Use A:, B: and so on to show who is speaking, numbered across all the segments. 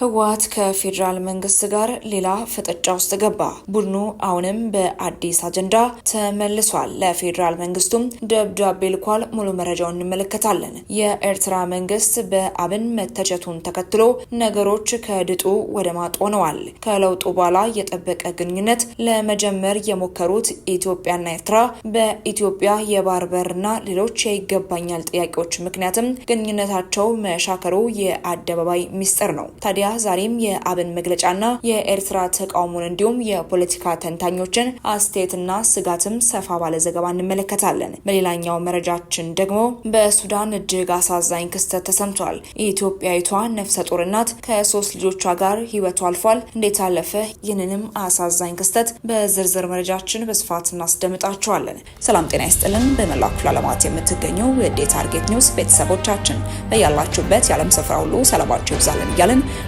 A: ህወሓት ከፌዴራል መንግስት ጋር ሌላ ፍጥጫ ውስጥ ገባ። ቡድኑ አሁንም በአዲስ አጀንዳ ተመልሷል። ለፌዴራል መንግስቱም ደብዳቤ ልኳል። ሙሉ መረጃውን እንመለከታለን። የኤርትራ መንግስት በአብን መተቸቱን ተከትሎ ነገሮች ከድጡ ወደ ማጥ ሆነዋል። ከለውጡ በኋላ የጠበቀ ግንኙነት ለመጀመር የሞከሩት ኢትዮጵያና ኤርትራ በኢትዮጵያ የባህር በርና ሌሎች የይገባኛል ጥያቄዎች ምክንያትም ግንኙነታቸው መሻከሩ የአደባባይ ሚስጥር ነው ታዲያ ሻዕቢያ ዛሬም የአብን መግለጫና የኤርትራ ተቃውሞን እንዲሁም የፖለቲካ ተንታኞችን አስተያየትና ስጋትም ሰፋ ባለ ዘገባ እንመለከታለን። በሌላኛው መረጃችን ደግሞ በሱዳን እጅግ አሳዛኝ ክስተት ተሰምቷል። ኢትዮጵያዊቷ ነፍሰ ጡር እናት ከሶስት ልጆቿ ጋር ህይወቱ አልፏል። እንዴት አለፈ? ይህንንም አሳዛኝ ክስተት በዝርዝር መረጃችን በስፋት እናስደምጣችኋለን። ሰላም ጤና ይስጥልን። በመላው ክፍለ ዓለማት የምትገኙ የዴ ታርጌት ኒውስ ቤተሰቦቻችን በያላችሁበት የዓለም ስፍራ ሁሉ ሰላማችሁ ይብዛልን እያልን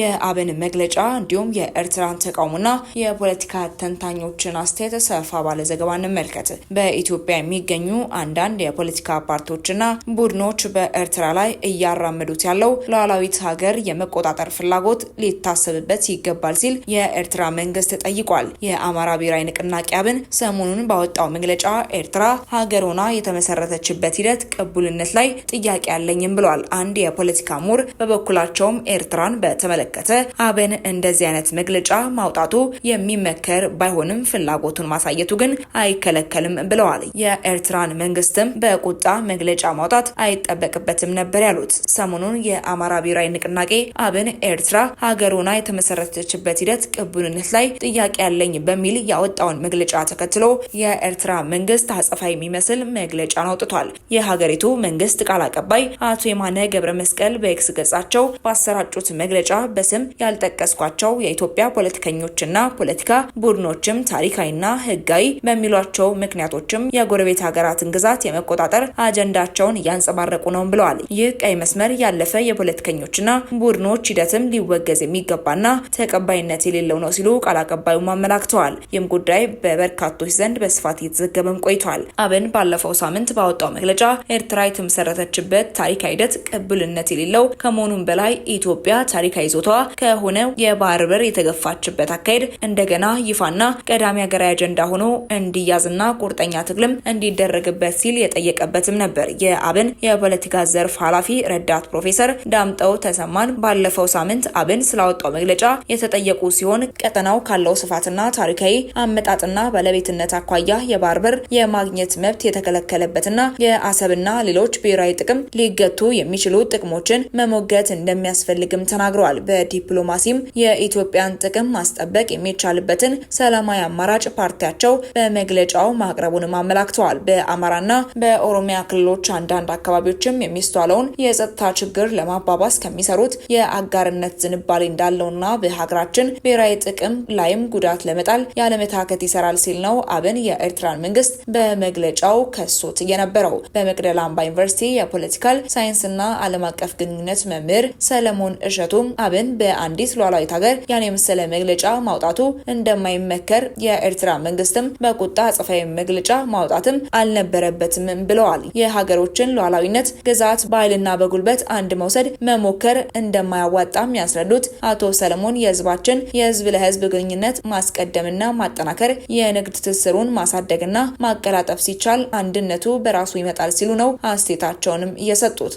A: የአብን መግለጫ እንዲሁም የኤርትራን ተቃውሞና የፖለቲካ ተንታኞችን አስተያየት ሰፋ ባለ ዘገባ እንመልከት። በኢትዮጵያ የሚገኙ አንዳንድ የፖለቲካ ፓርቲዎችና ቡድኖች በኤርትራ ላይ እያራመዱት ያለው ሉዓላዊት ሀገር የመቆጣጠር ፍላጎት ሊታሰብበት ይገባል ሲል የኤርትራ መንግስት ጠይቋል። የአማራ ብሔራዊ ንቅናቄ አብን ሰሞኑን ባወጣው መግለጫ ኤርትራ ሀገር ሆና የተመሰረተችበት ሂደት ቅቡልነት ላይ ጥያቄ አለኝም ብሏል። አንድ የፖለቲካ ምሁር በበኩላቸውም ኤርትራን በተመለ በተመለከተ አብን እንደዚህ አይነት መግለጫ ማውጣቱ የሚመከር ባይሆንም ፍላጎቱን ማሳየቱ ግን አይከለከልም ብለዋል። የኤርትራን መንግስትም በቁጣ መግለጫ ማውጣት አይጠበቅበትም ነበር ያሉት ሰሞኑን የአማራ ብሔራዊ ንቅናቄ አብን ኤርትራ ሀገር ሆና የተመሰረተችበት ሂደት ቅቡልነት ላይ ጥያቄ ያለኝ በሚል ያወጣውን መግለጫ ተከትሎ የኤርትራ መንግስት አጸፋ የሚመስል መግለጫን አውጥቷል። የሀገሪቱ መንግስት ቃል አቀባይ አቶ የማነ ገብረ መስቀል በኤክስ ገጻቸው ባሰራጩት መግለጫ በስም ያልጠቀስኳቸው የኢትዮጵያ ፖለቲከኞችና ፖለቲካ ቡድኖችም ታሪካዊና ሕጋዊ በሚሏቸው ምክንያቶችም የጎረቤት ሀገራትን ግዛት የመቆጣጠር አጀንዳቸውን እያንጸባረቁ ነው ብለዋል። ይህ ቀይ መስመር ያለፈ የፖለቲከኞችና ቡድኖች ሂደትም ሊወገዝ የሚገባና ተቀባይነት የሌለው ነው ሲሉ ቃል አቀባዩም አመላክተዋል። ይህም ጉዳይ በበርካቶች ዘንድ በስፋት እየተዘገበም ቆይቷል። አብን ባለፈው ሳምንት ባወጣው መግለጫ ኤርትራ የተመሰረተችበት ታሪካዊ ሂደት ቅብልነት የሌለው ከመሆኑም በላይ ኢትዮጵያ ታሪካዊ ይዞ ይዞቷ ከሆነው የባህር በር የተገፋችበት አካሄድ እንደገና ይፋና ቀዳሚ ሀገራዊ አጀንዳ ሆኖ እንዲያዝና ቁርጠኛ ትግልም እንዲደረግበት ሲል የጠየቀበትም ነበር። የአብን የፖለቲካ ዘርፍ ኃላፊ ረዳት ፕሮፌሰር ዳምጠው ተሰማን ባለፈው ሳምንት አብን ስላወጣው መግለጫ የተጠየቁ ሲሆን ቀጠናው ካለው ስፋትና ታሪካዊ አመጣጥና ባለቤትነት አኳያ የባህር በር የማግኘት መብት የተከለከለበትና የአሰብና ሌሎች ብሔራዊ ጥቅም ሊገቱ የሚችሉ ጥቅሞችን መሞገት እንደሚያስፈልግም ተናግረዋል። በዲፕሎማሲም የኢትዮጵያን ጥቅም ማስጠበቅ የሚቻልበትን ሰላማዊ አማራጭ ፓርቲያቸው በመግለጫው ማቅረቡንም አመላክተዋል። በአማራና በኦሮሚያ ክልሎች አንዳንድ አካባቢዎችም የሚስተዋለውን የጸጥታ ችግር ለማባባስ ከሚሰሩት የአጋርነት ዝንባሌ እንዳለውና በሀገራችን ብሔራዊ ጥቅም ላይም ጉዳት ለመጣል ያለመታከት ይሰራል ሲል ነው አብን የኤርትራን መንግስት በመግለጫው ከሶት የነበረው። በመቅደላ አምባ ዩኒቨርሲቲ የፖለቲካል ሳይንስና ዓለም አቀፍ ግንኙነት መምህር ሰለሞን እሸቱም አብን ግን በአንዲት ሉዓላዊት ሀገር ያን የመሰለ መግለጫ ማውጣቱ እንደማይመከር የኤርትራ መንግስትም በቁጣ አጸፋዊ መግለጫ ማውጣትም አልነበረበትም ብለዋል። የሀገሮችን ሉዓላዊነት ግዛት በኃይልና በጉልበት አንድ መውሰድ መሞከር እንደማያዋጣም ያስረዱት አቶ ሰለሞን የህዝባችን የህዝብ ለህዝብ ግንኙነት ማስቀደምና ማጠናከር፣ የንግድ ትስሩን ማሳደግና ማቀላጠፍ ሲቻል አንድነቱ በራሱ ይመጣል ሲሉ ነው አስተያየታቸውንም የሰጡት።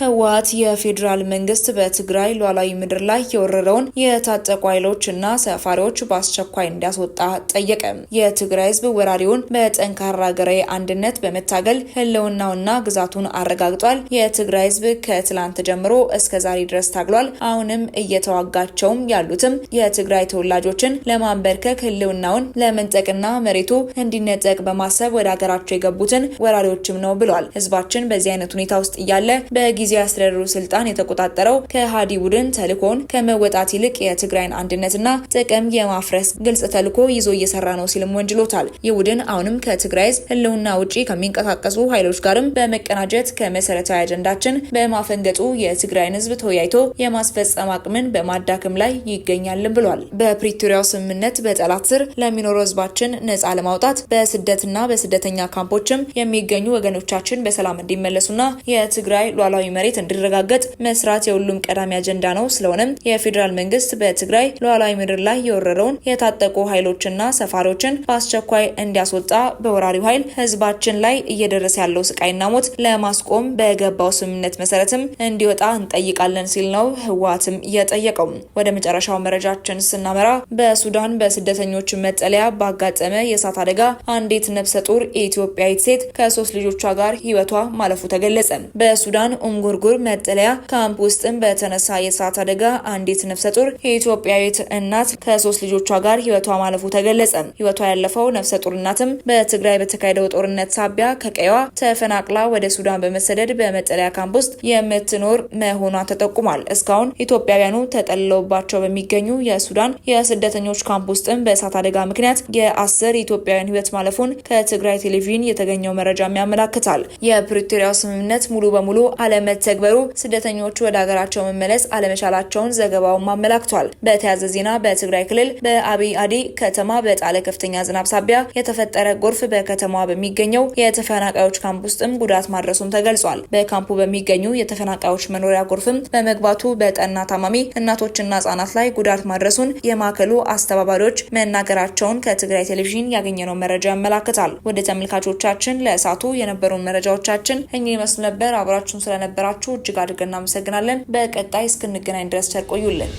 A: ህወሓት የፌዴራል መንግስት በትግራይ ሉዓላዊ ምድር ላይ የወረረውን የታጠቁ ኃይሎችና ሰፋሪዎች በአስቸኳይ እንዲያስወጣ ጠየቀ። የትግራይ ህዝብ ወራሪውን በጠንካራ ሀገራዊ አንድነት በመታገል ህልውናውና ግዛቱን አረጋግጧል። የትግራይ ህዝብ ከትላንት ጀምሮ እስከ ዛሬ ድረስ ታግሏል። አሁንም እየተዋጋቸውም ያሉትም የትግራይ ተወላጆችን ለማንበርከክ ህልውናውን ለመንጠቅና መሬቱ እንዲነጠቅ በማሰብ ወደ ሀገራቸው የገቡትን ወራሪዎችም ነው ብሏል። ህዝባችን በዚህ አይነት ሁኔታ ውስጥ እያለ በጊ የጊዜያዊ አስተዳደሩ ስልጣን የተቆጣጠረው ከሃዲ ቡድን ተልኮን ከመወጣት ይልቅ የትግራይን አንድነትና ጥቅም የማፍረስ ግልጽ ተልኮ ይዞ እየሰራ ነው ሲልም ወንጅሎታል። ይህ ቡድን አሁንም ከትግራይ ህዝብ ህልውና ውጪ ከሚንቀሳቀሱ ኃይሎች ጋርም በመቀናጀት ከመሰረታዊ አጀንዳችን በማፈንገጡ የትግራይን ህዝብ ተወያይቶ የማስፈጸም አቅምን በማዳከም ላይ ይገኛልም ብሏል። በፕሪቶሪያው ስምምነት በጠላት ስር ለሚኖረው ህዝባችን ነጻ ለማውጣት በስደትና በስደተኛ ካምፖችም የሚገኙ ወገኖቻችን በሰላም እንዲመለሱና የትግራይ ሏላዊ መሬት እንዲረጋገጥ መስራት የሁሉም ቀዳሚ አጀንዳ ነው። ስለሆነም የፌዴራል መንግስት በትግራይ ሉዓላዊ ምድር ላይ የወረረውን የታጠቁ ኃይሎችና ሰፋሪዎችን በአስቸኳይ እንዲያስወጣ በወራሪው ኃይል ህዝባችን ላይ እየደረሰ ያለው ስቃይና ሞት ለማስቆም በገባው ስምምነት መሰረትም እንዲወጣ እንጠይቃለን ሲል ነው ህወሓትም የጠየቀው። ወደ መጨረሻው መረጃችን ስናመራ በሱዳን በስደተኞች መጠለያ ባጋጠመ የእሳት አደጋ አንዲት ነፍሰ ጡር ኢትዮጵያዊት ሴት ከሶስት ልጆቿ ጋር ህይወቷ ማለፉ ተገለጸ። በሱዳን ኡም ጉርጉር መጠለያ ካምፕ ውስጥም በተነሳ የእሳት አደጋ አንዲት ነፍሰ ጡር የኢትዮጵያዊት እናት ከሶስት ልጆቿ ጋር ህይወቷ ማለፉ ተገለጸ። ህይወቷ ያለፈው ነፍሰ ጡር እናትም በትግራይ በተካሄደው ጦርነት ሳቢያ ከቀይዋ ተፈናቅላ ወደ ሱዳን በመሰደድ በመጠለያ ካምፕ ውስጥ የምትኖር መሆኗ ተጠቁሟል። እስካሁን ኢትዮጵያውያኑ ተጠልለውባቸው በሚገኙ የሱዳን የስደተኞች ካምፕ ውስጥም በእሳት አደጋ ምክንያት የአስር ኢትዮጵያውያን ህይወት ማለፉን ከትግራይ ቴሌቪዥን የተገኘው መረጃም ያመላክታል። የፕሪቶሪያው ስምምነት ሙሉ በሙሉ አለመ ተግበሩ ስደተኞቹ ወደ ሀገራቸው መመለስ አለመቻላቸውን ዘገባውን አመላክቷል። በተያያዘ ዜና በትግራይ ክልል በአብይ አዲ ከተማ በጣለ ከፍተኛ ዝናብ ሳቢያ የተፈጠረ ጎርፍ በከተማዋ በሚገኘው የተፈናቃዮች ካምፕ ውስጥም ጉዳት ማድረሱም ተገልጿል። በካምፑ በሚገኙ የተፈናቃዮች መኖሪያ ጎርፍም በመግባቱ በጠና ታማሚ እናቶችና ህጻናት ላይ ጉዳት ማድረሱን የማዕከሉ አስተባባሪዎች መናገራቸውን ከትግራይ ቴሌቪዥን ያገኘነው መረጃ ያመላክታል። ወደ ተመልካቾቻችን ለእሳቱ የነበሩን መረጃዎቻችን እኚህ ይመስሉ ነበር። አብራችሁን ስለነበር ስለነበራችሁ እጅግ አድርገን እናመሰግናለን። በቀጣይ እስክንገናኝ ድረስ ቸር ቆዩልን።